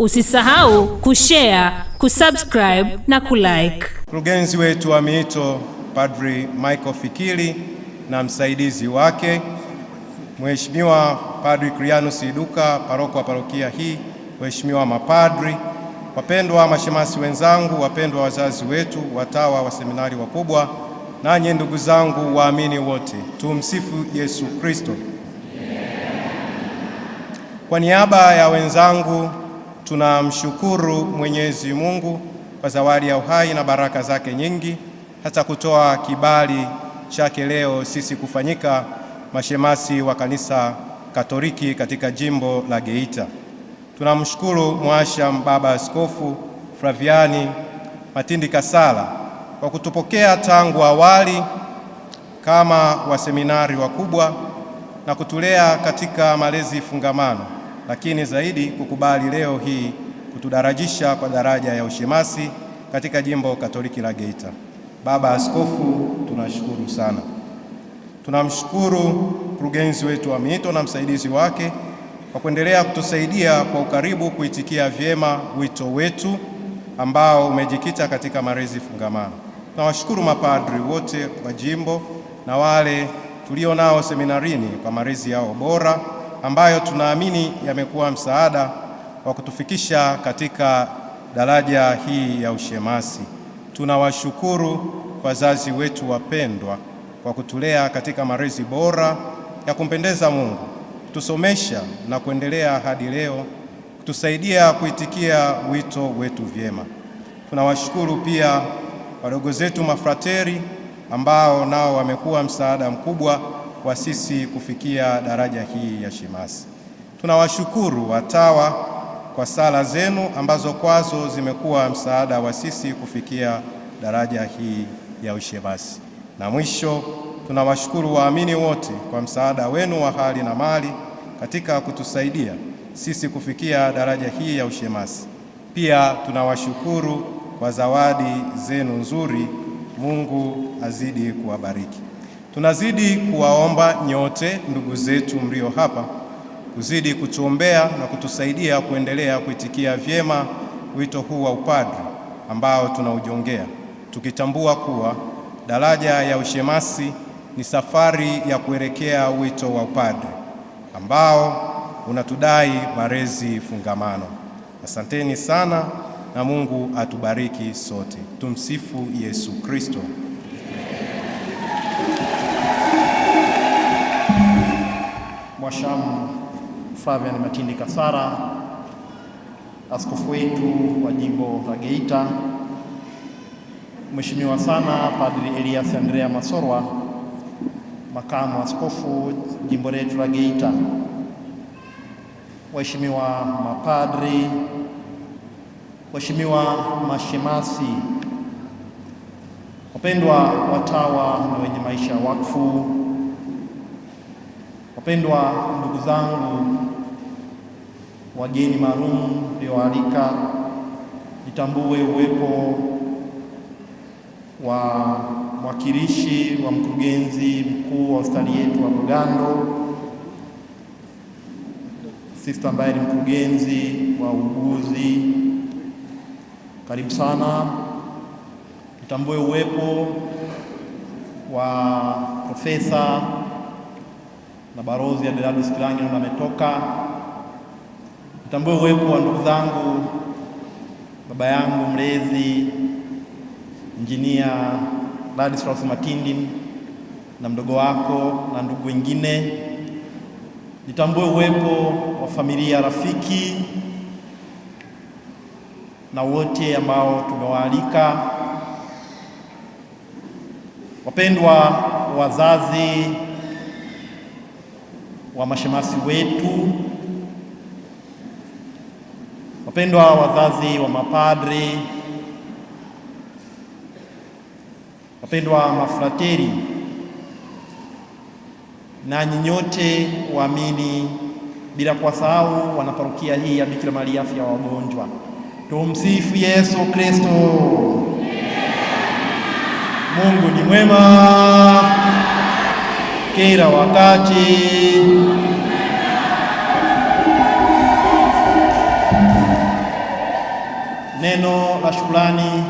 Usisahau kushare, kusubscribe na kulike. Mkurugenzi wetu wa miito Padri Michael Fikiri na msaidizi wake Mheshimiwa Padri Krianus Iduka, paroko wa parokia hii, Mheshimiwa mapadri, wapendwa mashemasi wenzangu, wapendwa wazazi wetu, watawa wa seminari wakubwa, nanyi ndugu zangu waamini wote, tumsifu Yesu Kristo. Kwa niaba ya wenzangu Tunamshukuru Mwenyezi Mungu kwa zawadi ya uhai na baraka zake nyingi, hata kutoa kibali chake leo sisi kufanyika mashemasi wa kanisa Katoliki katika jimbo la Geita. Tunamshukuru Mhashamu Baba Askofu Flaviani Matindi Kasala kwa kutupokea tangu awali kama waseminari wakubwa na kutulea katika malezi fungamano lakini zaidi kukubali leo hii kutudarajisha kwa daraja ya ushemasi katika jimbo Katoliki la Geita. Baba Askofu, tunashukuru sana. Tunamshukuru mkurugenzi wetu wa miito na msaidizi wake kwa kuendelea kutusaidia kwa ukaribu kuitikia vyema wito wetu ambao umejikita katika malezi fungamano. tunawashukuru mapadri wote wa jimbo na wale tulio nao seminarini kwa malezi yao bora ambayo tunaamini yamekuwa msaada wa kutufikisha katika daraja hii ya ushemasi. Tunawashukuru wazazi wetu wapendwa kwa kutulea katika malezi bora ya kumpendeza Mungu, kutusomesha na kuendelea hadi leo, kutusaidia kuitikia wito wetu vyema. Tunawashukuru pia wadogo zetu mafrateri ambao nao wamekuwa msaada mkubwa kwa sisi kufikia daraja hii ya shemasi. Tunawashukuru watawa kwa sala zenu ambazo kwazo zimekuwa msaada wa sisi kufikia daraja hii ya ushemasi. Na mwisho tunawashukuru waamini wote kwa msaada wenu wa hali na mali katika kutusaidia sisi kufikia daraja hii ya ushemasi. Pia tunawashukuru kwa zawadi zenu nzuri. Mungu azidi kuwabariki. Tunazidi kuwaomba nyote ndugu zetu mlio hapa kuzidi kutuombea na kutusaidia kuendelea kuitikia vyema wito huu wa upadri ambao tunaujongea, tukitambua kuwa daraja ya ushemasi ni safari ya kuelekea wito wa upadri ambao unatudai malezi fungamano. Asanteni sana na Mungu atubariki sote. Tumsifu Yesu Kristo. wa Flavian Matindi Kasara, askofu wetu wa jimbo la Geita, mheshimiwa sana Padri Elias Andrea Masorwa, makamu askofu jimbo letu la Geita, waheshimiwa mapadri, waheshimiwa mashemasi, wapendwa watawa na wenye maisha ya wakfu Wapendwa ndugu zangu, wageni maalum ulioalika nitambue uwepo wa mwakilishi wa mkurugenzi mkuu wa hospitali yetu wa Bugando, sista ambaye ni mkurugenzi wa uuguzi, karibu sana. Nitambue uwepo wa profesa na barozi ya Dalalus Kilangi ametoka. Nitambue uwepo wa ndugu zangu, baba yangu mlezi injinia Ladislaus Matindi na mdogo wako na ndugu wengine. Nitambue uwepo wa familia rafiki na wote ambao tumewaalika, wapendwa wazazi wa mashemasi wetu, wapendwa wazazi wa mapadri, wapendwa mafrateri na nyinyote waamini, bila kuwasahau wanaparokia hii ya Bikira Maria afya wa wagonjwa. Tumsifu Yesu Kristo. Mungu ni mwema kila wakati. Neno la shukrani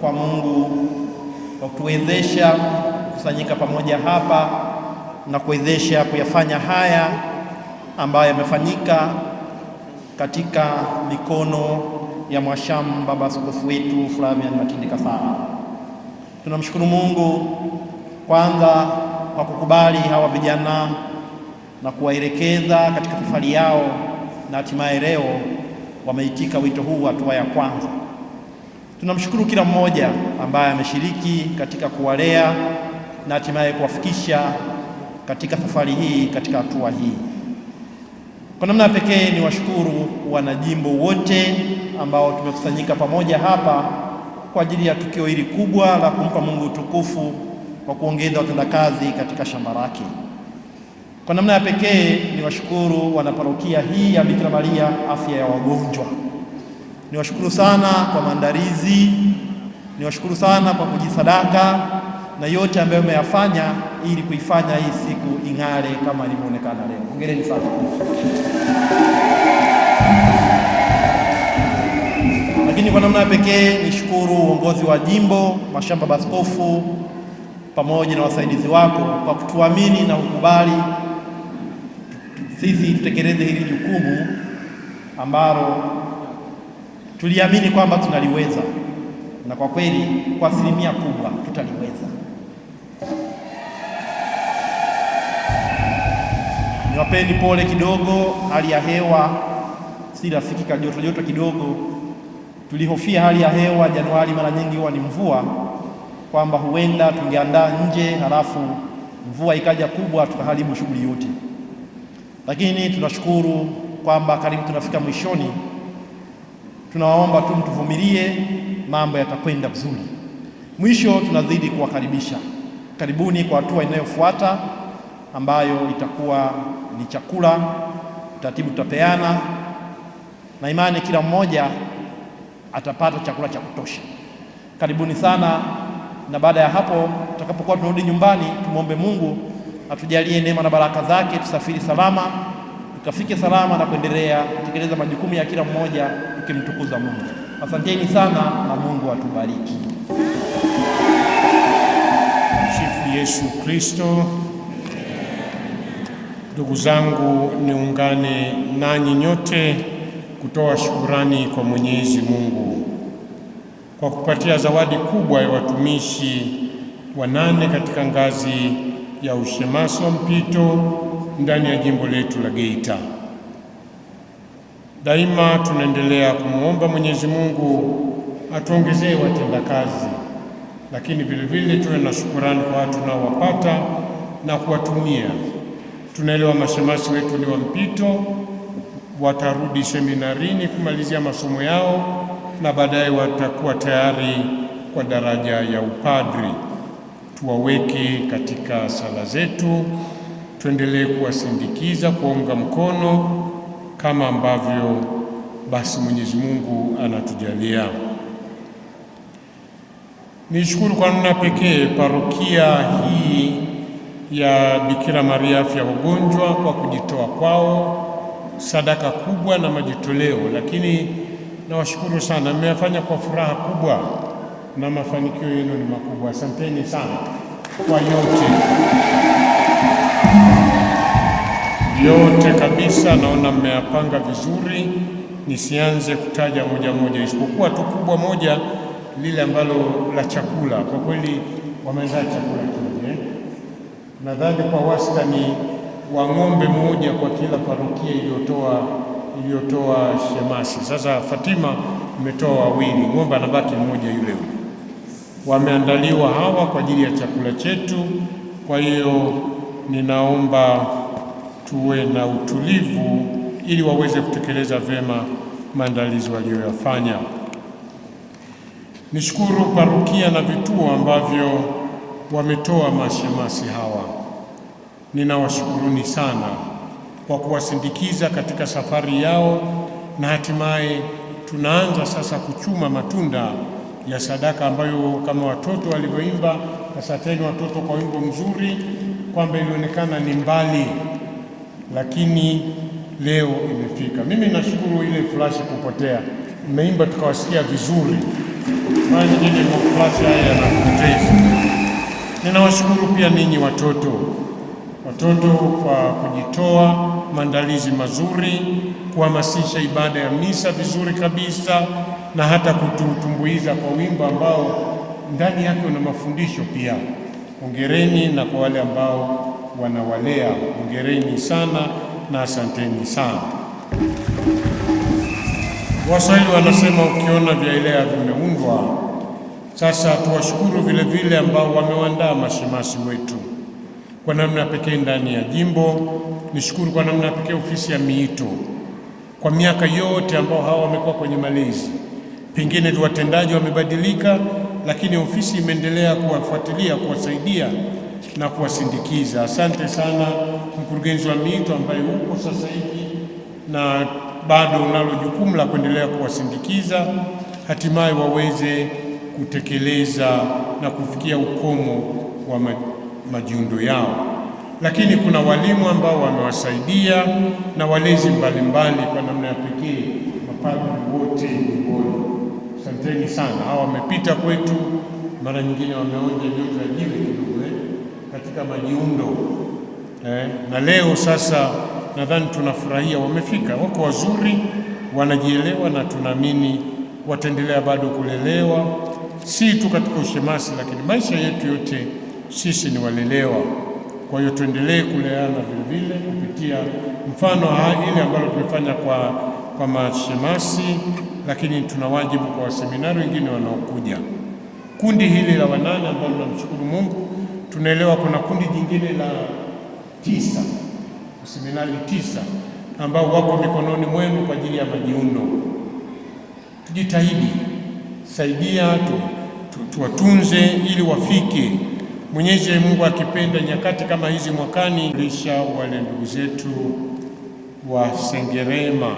kwa Mungu kwa kutuwezesha kusanyika pamoja hapa na kuwezesha kuyafanya haya ambayo yamefanyika katika mikono ya Mwashamu Baba Askofu wetu Flavian Matindikasala. Tunamshukuru Mungu kwanza kwa kukubali hawa vijana na kuwaelekeza katika safari yao, na hatimaye leo wameitika wito huu hatua ya kwanza. Tunamshukuru kila mmoja ambaye ameshiriki katika kuwalea na hatimaye kuwafikisha katika safari hii, katika hatua hii. Kwa namna pekee ni washukuru wanajimbo wote ambao tumekusanyika pamoja hapa kwa ajili ya tukio hili kubwa la kumpa Mungu utukufu kwa kuongeza watendakazi katika shamba lake. Kwa namna ya pekee ni washukuru wanaparokia hii ya Bikira Maria afya ya wagonjwa, ni washukuru sana kwa maandalizi, ni washukuru sana kwa kujisadaka na yote ambayo umeyafanya ili kuifanya hii siku ing'are kama ilivyoonekana leo. Hongereni sana. Lakini kwa namna ya pekee nishukuru uongozi wa jimbo, mashamba, baskofu pamoja na wasaidizi wako kwa kutuamini na kukubali sisi tutekeleze hili jukumu ambalo tuliamini kwamba tunaliweza, na kwa kweli kwa asilimia kubwa tutaliweza. Niwapeni pole kidogo, hali ya hewa si rafiki, kajoto joto kidogo. Tulihofia hali ya hewa Januari, mara nyingi huwa ni mvua kwamba huenda tungeandaa nje halafu mvua ikaja kubwa tukaharibu shughuli yote, lakini tunashukuru kwamba karibu tunafika mwishoni. Tunawaomba tu mtuvumilie, mambo yatakwenda vizuri. Mwisho tunazidi kuwakaribisha, karibuni kwa hatua inayofuata ambayo itakuwa ni chakula. Taratibu tutapeana na imani kila mmoja atapata chakula cha kutosha. Karibuni sana na baada ya hapo tutakapokuwa tunarudi nyumbani, tumwombe Mungu atujalie neema na baraka zake, tusafiri salama, tukafike salama na kuendelea kutekeleza majukumu ya kila mmoja tukimtukuza Mungu. Asanteni sana na Mungu atubariki. Sifu Yesu Kristo. Ndugu zangu, niungane nanyi nyote kutoa shukurani kwa Mwenyezi Mungu kwa kupatia zawadi kubwa ya watumishi wanane katika ngazi ya ushemasi wa mpito ndani ya jimbo letu la Geita. Daima tunaendelea kumwomba Mwenyezi Mungu atuongezee watendakazi, lakini vile vile tuwe na shukurani kwa watu tunaowapata na kuwatumia. Tunaelewa mashemasi wetu ni wa mpito, watarudi seminarini kumalizia masomo yao na baadaye watakuwa tayari kwa daraja ya upadri. Tuwaweke katika sala zetu, tuendelee kuwasindikiza, kuwaunga mkono kama ambavyo basi Mwenyezi Mungu anatujalia. Nishukuru kwa namna pekee parokia hii ya Bikira Maria Afya Wagonjwa kwa kujitoa kwao sadaka kubwa na majitoleo, lakini nawashukuru sana, mmeyafanya kwa furaha kubwa na mafanikio yenu ni makubwa. Asanteni sana kwa yote yote kabisa. Naona mmeyapanga vizuri, nisianze kutaja moja moja, isipokuwa tu kubwa moja lile ambalo la chakula. Kwa kweli wamezaa chakula kingi, eh? Nadhani kwa wastani wa ng'ombe mmoja kwa kila parokia iliyotoa iliyotoa shemasi. Sasa Fatima imetoa wawili, ng'ombe anabaki mmoja yule yule. Wameandaliwa hawa kwa ajili ya chakula chetu. Kwa hiyo ninaomba tuwe na utulivu ili waweze kutekeleza vyema maandalizi waliyoyafanya. Nishukuru parokia na vituo ambavyo wametoa mashemasi hawa, ninawashukuruni sana kwa kuwasindikiza katika safari yao, na hatimaye tunaanza sasa kuchuma matunda ya sadaka ambayo kama watoto walivyoimba, sasa tena watoto kwa wimbo mzuri kwamba ilionekana ni mbali, lakini leo imefika. Mimi nashukuru ile flash kupotea, mmeimba tukawasikia vizuri. Mara nyingine flash haya yanapoteza. Ninawashukuru pia ninyi watoto, watoto kwa kujitoa maandalizi mazuri, kuhamasisha ibada ya misa vizuri kabisa, na hata kututumbuiza kwa wimbo ambao ndani yake una mafundisho pia. Hongereni, na kwa wale ambao wanawalea hongereni sana na asanteni sana. Waswahili wanasema ukiona vyaelea vimeundwa. Sasa tuwashukuru vile vile ambao wamewandaa mashemasi wetu kwa namna pekee ndani ya jimbo. Nishukuru kwa namna pekee ofisi ya miito kwa miaka yote ambao hawa wamekuwa kwenye malezi, pengine tu watendaji wamebadilika, lakini ofisi imeendelea kuwafuatilia, kuwasaidia na kuwasindikiza. Asante sana mkurugenzi wa miito ambaye upo sasa hivi na bado unalo jukumu la kuendelea kuwasindikiza, hatimaye waweze kutekeleza na kufikia ukomo wa majiundo yao, lakini kuna walimu ambao wamewasaidia na walezi mbalimbali kwa namna ya pekee, mapadri wote jimboni, asanteni sana. Hawa wamepita kwetu, mara nyingine wameonja joto ya jiwe kidogo eh, katika majiundo eh, na leo sasa nadhani tunafurahia wamefika, wako wazuri, wanajielewa na tunaamini wataendelea bado kulelewa si tu katika ushemasi, lakini maisha yetu yote sisi ni walelewa. Kwa hiyo tuendelee kuleana vilevile kupitia mfano ile ambalo tumefanya kwa, kwa mashemasi, lakini tuna wajibu kwa waseminari wengine wanaokuja. Kundi hili la wanane ambalo tunamshukuru Mungu, tunaelewa kuna kundi jingine la tisa, seminari tisa ambao wako mikononi mwenu kwa ajili ya majiundo. Tujitahidi saidia tu, tu, tuwatunze ili wafike Mwenyezi Mungu akipenda, nyakati kama hizi mwakani, lisha wale ndugu zetu wa Sengerema.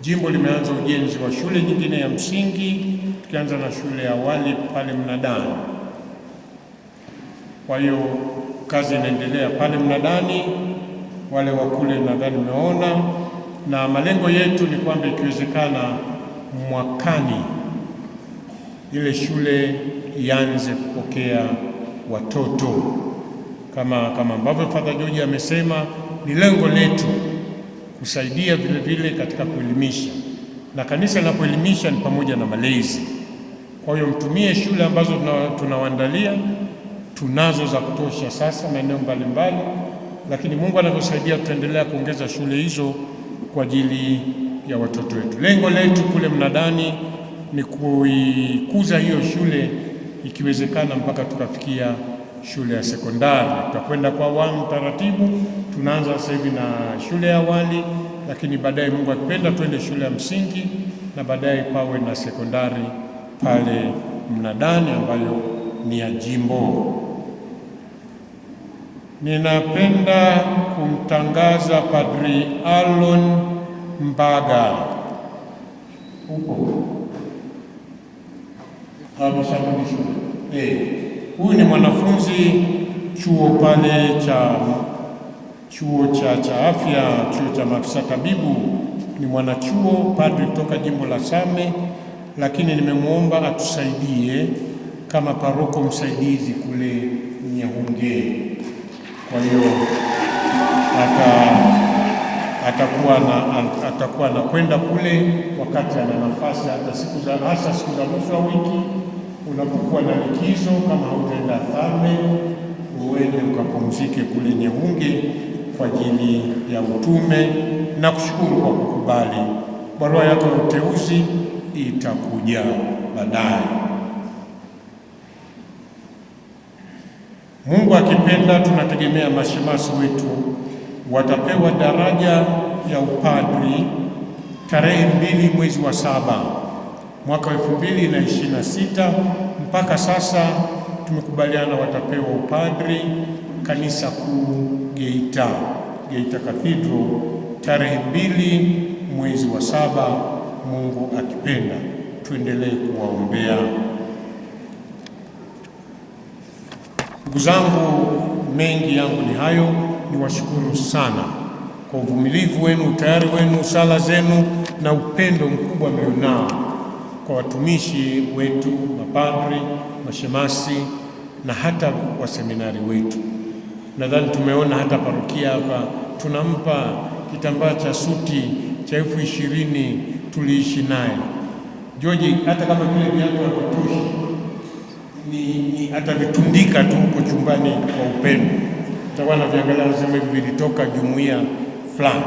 Jimbo limeanza ujenzi wa shule nyingine ya msingi, tukianza na shule ya awali pale Mnadani. Kwa hiyo kazi inaendelea pale Mnadani, wale wa kule nadhani mmeona, na malengo yetu ni kwamba ikiwezekana mwakani ile shule ianze kupokea watoto kama kama ambavyo Father George amesema, ni lengo letu kusaidia vile vile katika kuelimisha, na kanisa linapoelimisha ni pamoja na malezi. Kwa hiyo mtumie shule ambazo tunawaandalia, tunazo za kutosha sasa maeneo mbalimbali, lakini Mungu anavyosaidia tutaendelea kuongeza shule hizo kwa ajili ya watoto wetu. Lengo letu kule mnadani ni kuikuza hiyo shule ikiwezekana mpaka tukafikia shule ya sekondari. Tutakwenda kwa awamu taratibu, tunaanza sasa hivi na shule ya awali, lakini baadaye Mungu akipenda twende shule ya msingi na baadaye pawe na sekondari pale Mnadani ambayo ni ya jimbo. Ninapenda kumtangaza Padri Alon Mbaga upo na eh, Huyu ni mwanafunzi chuo pale cha chuo cha cha afya chuo cha maafisa tabibu, ni mwanachuo padri kutoka jimbo la Same, lakini nimemwomba atusaidie kama paroko msaidizi kule Nyehunge. Kwa hiyo ata atakuwa na atakuwa anakwenda kule wakati ana nafasi, hata siku za hasa siku za mwisho wa wiki unapokuwa na likizo, kama hautaenda Thame, uende ukapumzike kule Nyeunge kwa ajili ya utume na kushukuru kwa kukubali. Barua yako ya uteuzi itakuja baadaye. Mungu akipenda, tunategemea mashemasi wetu watapewa daraja ya upadri tarehe mbili mwezi wa saba mwaka sita mpaka sasa tumekubaliana watapewa upadri kanisa kuu Geita, Geita Cathedral tarehe mbili mwezi wa saba, Mungu akipenda. Tuendelee kuwaombea ndugu zangu. Mengi yangu ni hayo, niwashukuru sana kwa uvumilivu wenu, utayari wenu, sala zenu na upendo mkubwa mlionao kwa watumishi wetu, mapadri, mashemasi na hata waseminari wetu. Nadhani tumeona hata parokia hapa tunampa kitambaa cha suti cha elfu ishirini tuliishi naye Joji, hata kama vile viatu havitoshi ni, ni atavitundika tu huko chumbani kwa upendo, tutakuwa naviangalia, anasema hivi vilitoka jumuiya fulani.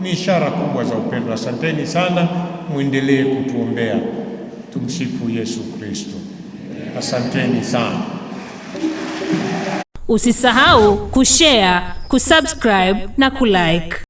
Ni ishara kubwa za upendo. Asanteni sana, mwendelee kutuombea. Tumsifu Yesu Kristo. Asanteni sana. Usisahau kushare, kusubscribe na kulike.